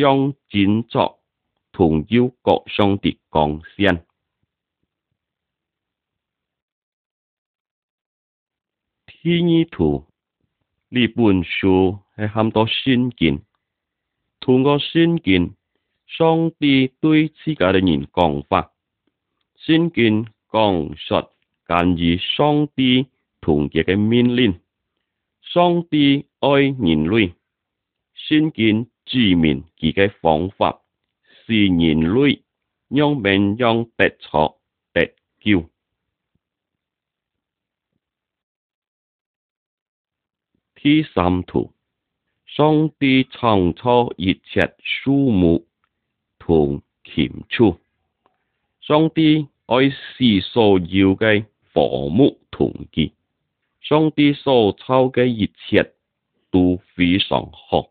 將建造同邀各上帝講先。第二圖呢本書係很多先見，通過先見上帝對自家嘅人講法，先見講述關於上帝同自己嘅命令，上帝愛人類，先見。註明自己方法是人類用命用得著得救。第三圖，上帝創造一切樹木同禽畜，上帝愛惜所有嘅房屋同建，上帝所造嘅一切都非常好。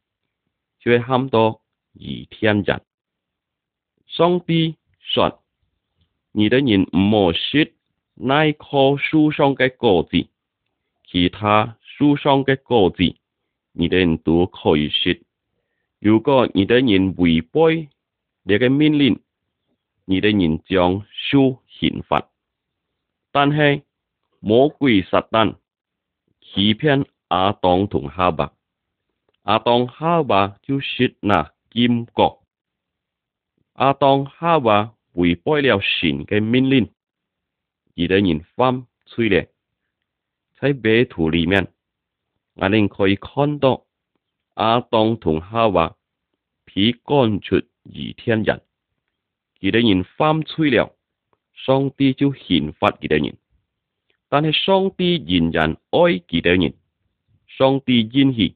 最喊多而天人，上帝說：你的人唔好說呢棵樹上的果子，其他樹上的果子，你的人都可以說。如果你的人違背你嘅命令，你的人將受刑罰。但係魔鬼撒旦欺騙阿當同哈伯。阿當哈娃就說：那堅決！阿當哈娃違背了神嘅命令，而啲人犯罪咧，喺泥土裏面，我哋可以看到阿當同哈娃被趕出伊甸園，而啲人犯罪了，上帝就懲罰佢哋人。但係上帝仍然愛佢哋人，上帝仁慈。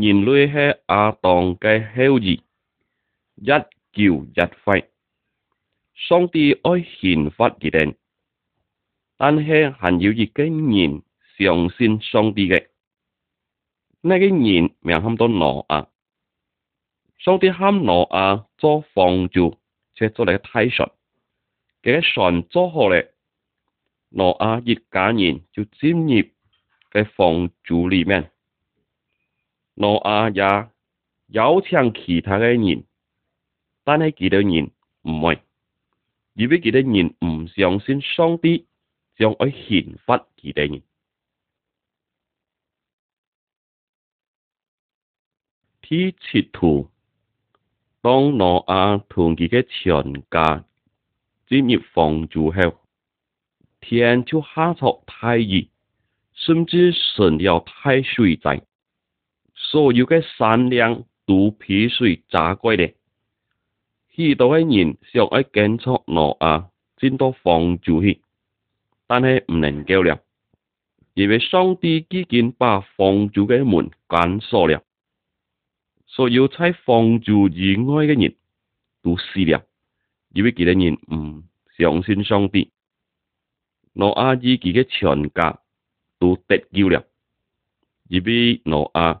人類係亞當嘅後裔，一叫一吠，上帝愛全法而定，但係還要以敬言相信上帝嘅。呢、那個言唔喊到多挪亞，上帝喊挪亞做方舟，即做嚟個梯船，嘅船做好嚟，挪亞一家人就進入嘅方舟裏面。諾亞也有請其他嘅人，但係其他人唔會，因為其他人唔相信上帝，就會刑罰其他人。啲信徒當諾亞同佢嘅全家進入方舟後，天就下咗太熱，甚至成了大水災。所有嘅善良都被水炸鬼咧。許多嘅人想要跟到挪亞進到方舟去，但係唔能夠了，因為上帝已經把方舟嘅門關鎖了。所有在方舟以外嘅人都死了，因為佢哋人唔相信上帝。挪亞自己嘅全家都得救了，因為挪亞。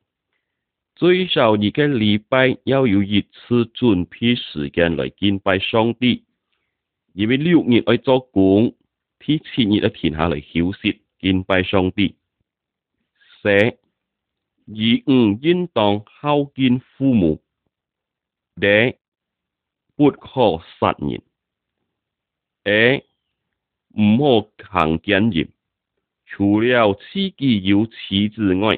最少一個禮拜要有一次準備時間來敬拜上帝，因為六日愛做工，第七日愛停下來休息敬拜上帝。四，五應當孝敬父母，你不可殺人，你、欸、唔可行姦淫，除了自己個妻子之外。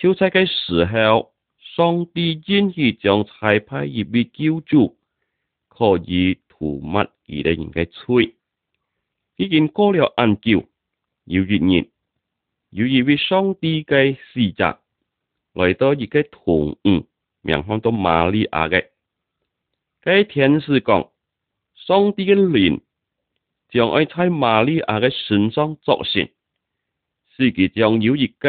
朝色嘅時候，上帝願意將彩判一俾叫住可以塗抹一零年嘅翠。已經過了暗叫，有一年，有一位上帝嘅使者來到一個同屋，面向到瑪利亞嘅。該天使講，上帝嘅臉將愛在瑪利亞嘅身上作成，是佢將有一個。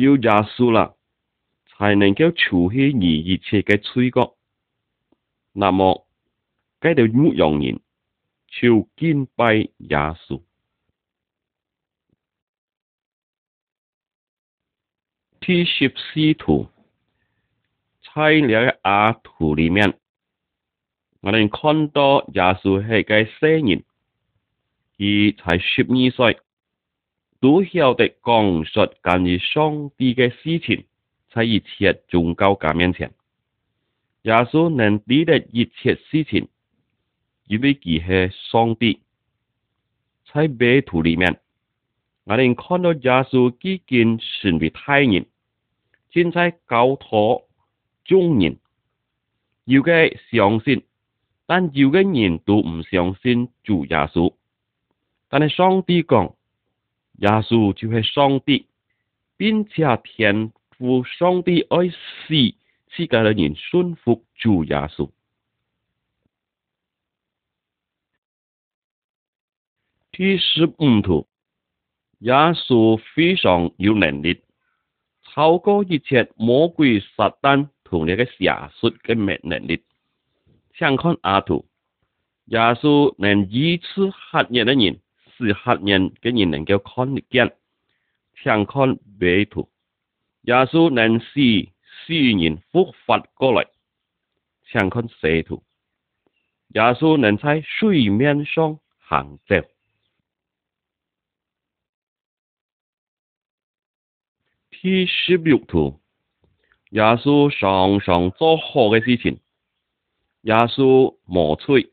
要耶穌啦，才能夠除去你一切嘅罪過。那麼，嗰條牧羊人就跟隨耶穌。睇十四圖，猜了一下圖裏面，我哋看到耶穌係嘅四年。而才十二歲。都曉得講述關於上帝嘅事情，在一切宗教界面前，耶穌能知的一切事情，因為佢係上帝。在碑圖裏面，我哋看到耶穌幾件傳俾太人，先在教徒中人要嘅相信，但有嘅人都唔相信主耶穌，但係上帝講。耶穌就係上帝，並且天賦上帝愛惜，世界各人信服主耶穌。第十五圖，耶穌非常有能力，超過一切魔鬼撒旦同你嘅邪術嘅咩能力？想看阿圖，耶穌能幾次害人嘅人？是黑人給你能夠看得見，想看地圖；耶穌能使死人復活過來，想看蛇圖；耶穌能在水面上行走。第十六圖，耶穌常常做好嘅事情。耶穌磨嘴。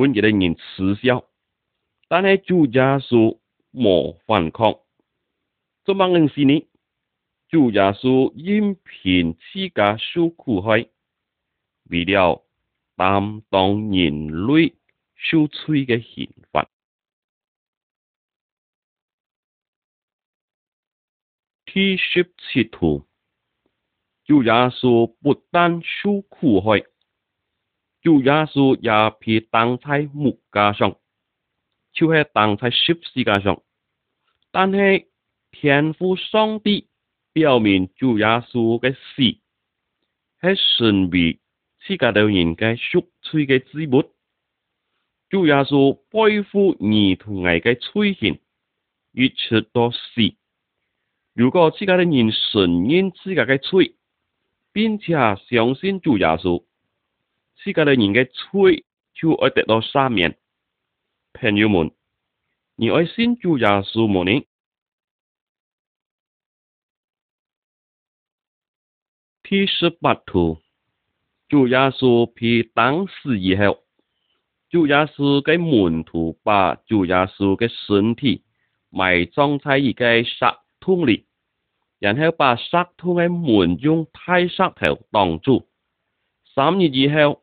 本傑人恥笑，但係主耶穌冇反抗。這麼能年呢？主耶穌因偏自家受苦害，為了擔當人類受罪嘅刑罰，ship 前途，主耶穌不但受苦害。主耶穌也被當代木架上，就係當代十字架上，但係天父上帝表明主耶穌嘅死係準備世界嘅人嘅贖罪嘅祭物。主耶穌背負兒童危嘅罪行，一直到死。如果世界嘅人承認世界嘅罪，並且相信主耶穌。世界各地追追我達到三萬，朋友們，而我先主耶穌五年。第十八圖，主耶穌被打死以後，主耶穌嘅門徒把主耶穌嘅身體埋葬在一個石洞裏，然後把石洞嘅門用大石頭擋住。三日以後。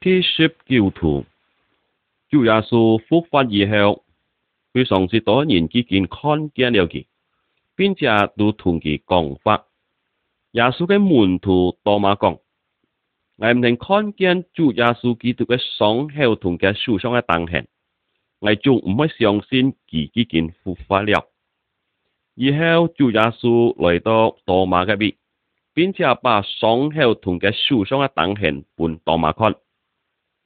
天職教徒，主耶穌復活以後，佢嘗試多年之間看見了佢，並且都同佢講法。耶穌嘅門徒多馬講：我唔能看見主耶穌基督嘅傷口同佢受傷嘅釘痕，我仲唔可以相信自己已經復活了。然後主耶穌來到多馬嘅邊，並且把傷口同佢受傷嘅釘痕判多馬看。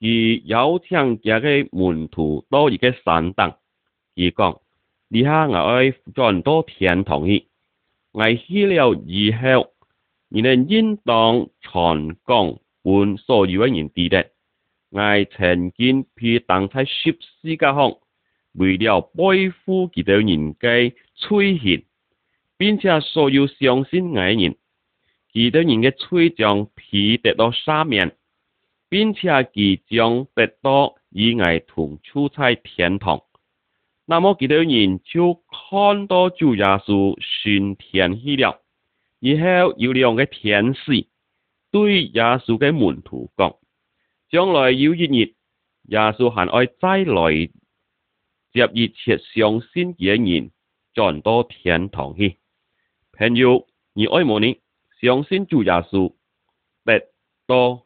而有成就個門徒多一個神燈，佢講：，你下我愛轉到天堂去，我死了以後，你哋應當傳講本所有嘅人記得，我曾經被當在血屍家方，為了背負其他人嘅罪孽，並且所有相信嘅人，其他人嘅罪狀被得到赦免。並且佢將得多以外同出差天堂，那麼許多人就看到主耶穌升天去了，以後有兩個天使對耶穌嘅門徒講：將來有一日，耶穌還愛再來，接一切相信嘅人，轉到天堂去。朋友，你愛冇呢？相信主耶穌，得到。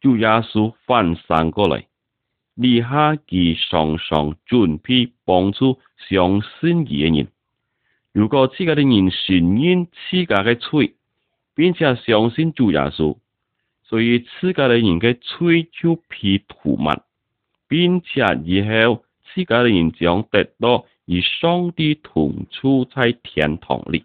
主耶穌翻生過嚟，利下其上上準備幫助相信佢嘅人。如果自家嘅人承認自家嘅罪，並且相信主耶穌，所以自家嘅人嘅罪就被塗抹，並且以後自家嘅人將得到與上帝同處在天堂裏。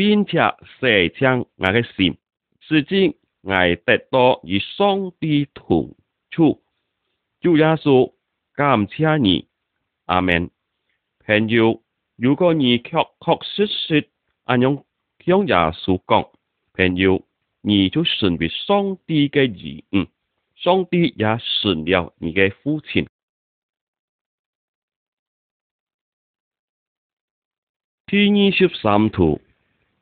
並且射向我嘅心，使盡我得到與上帝同處。主耶穌，感謝你，阿門。朋友，如果你確確實實按用主耶穌講，朋友，你就順別上帝嘅意，上、嗯、帝也順了你嘅父親。第二十三圖。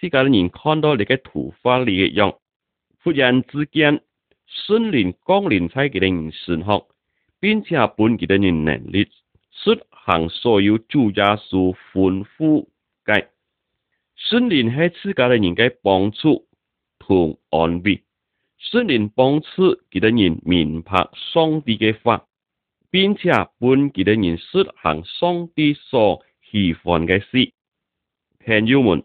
世界啲人看到你嘅圖畫裏嘅樣。忽然之間，孫林光年睇佢等人信號，並且係本佢等人能力，實行所有主耶穌吩咐嘅。孫林喺世界啲人嘅幫助同安慰，孫林幫助佢等人明白上帝嘅法，並且係本佢等人實行上帝所喜歡嘅事。朋友們。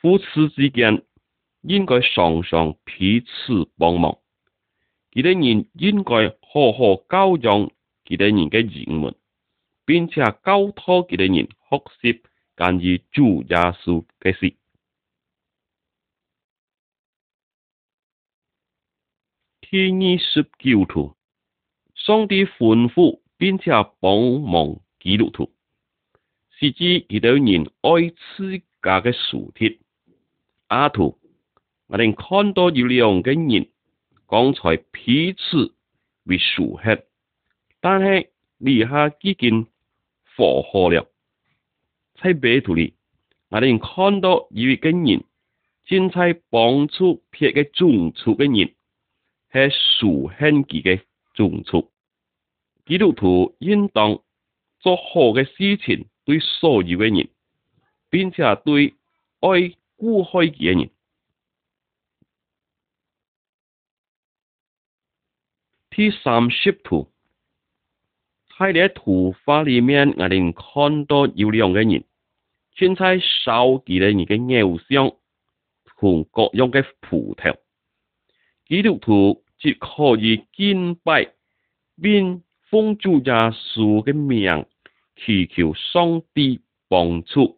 夫妻之間應該常常彼此幫忙，佢哋人應該好好教養佢哋人嘅兒女，並且交託佢哋人學習關於主耶穌嘅事。第二十九圖，上帝歡呼並且幫忙基督徒，是指佢哋人愛自家嘅屬貼。阿圖，我哋看到有兩個人剛才彼此為熟悉，但係離下已經火候了。在別圖裏我哋看到一個人正在幫助別嘅種族嘅人，係熟悉自己種族。基督徒應當做好嘅事情對所有嘅人，並且對愛。估開幾多人？第三十圖，喺呢一幅畫裏面，我哋看到有兩個人，身穿手提袋嘅偶像同各樣嘅葡萄。基督徒只可以敬拜，並奉主耶穌嘅名，祈求上帝幫助。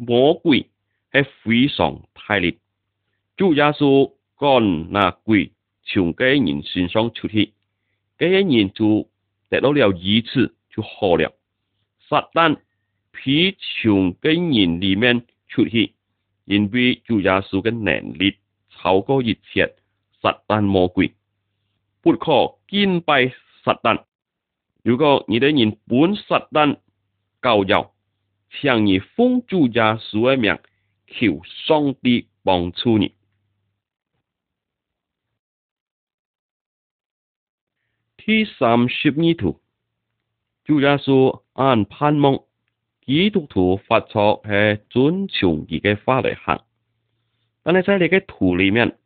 魔鬼係非常太烈，主耶穌趕那鬼從嗰啲人身上出去，嗰啲人就得到了醫治就好了。撒旦必從嗰啲人裏面出去，因為主耶穌嘅能力超過一切撒旦魔鬼，不可擊敗撒旦。如果你的人本撒旦教育。高像你奉主耶穌為名，求上帝幫助你。第三十二圖，主耶穌按盼望基督徒發出嘅尊重而嘅法律行，但係在你嘅圖裏面，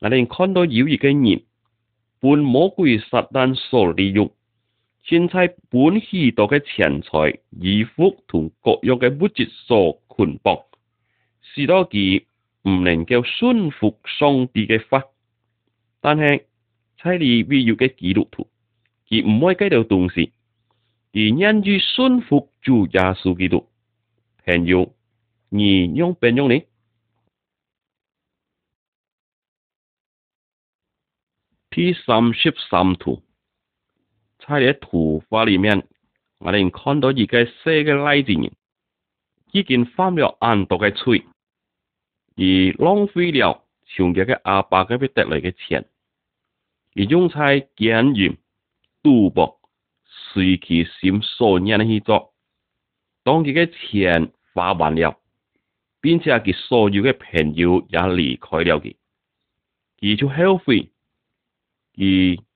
你哋看到有一個人半魔鬼撒旦所利用。現在本世道嘅錢財、衣服同各樣嘅物質所捆綁，使到佢唔能夠順服上帝嘅法。但係，真你必要嘅基督徒，而唔可以計到同時而因於順服主耶穌基督。朋友，而用邊用呢？第三十三圖。在啲圖畫裏面，我哋看到一個家寫個例子，已經犯了很多的罪，而浪費了上的阿爸嗰邊得來的，的錢，而仲在經營賭博、隨其心所欲的去做，當佢個錢花完了，並且給所有的朋友也離開了佢，而就後悔，而。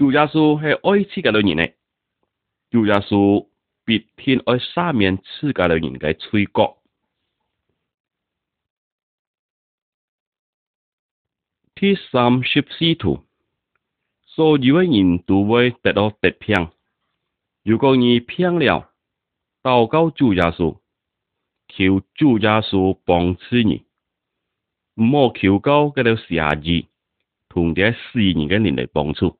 主耶穌係愛痴嘅女人嚟，主耶穌別天愛三名痴嘅女人嘅罪過。第三十四圖，所以有人都會跌到跌偏，如果你偏了，禱告主耶穌，求主耶穌幫助你，唔好求高嘅到神醫，同啲善人嘅人嚟幫助。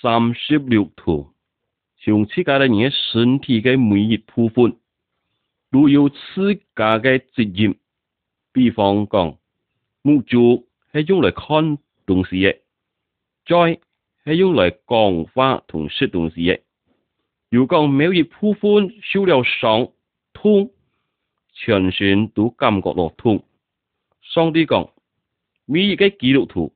三十六圖，上次教啲嘢，身體嘅每一部分都有自家嘅職業。比方講，目睭係用來看東西嘅，再係用來講話同說東西嘅。如果每一部分受了傷痛，全身都感覺落痛。上帝講，每個紀錄圖？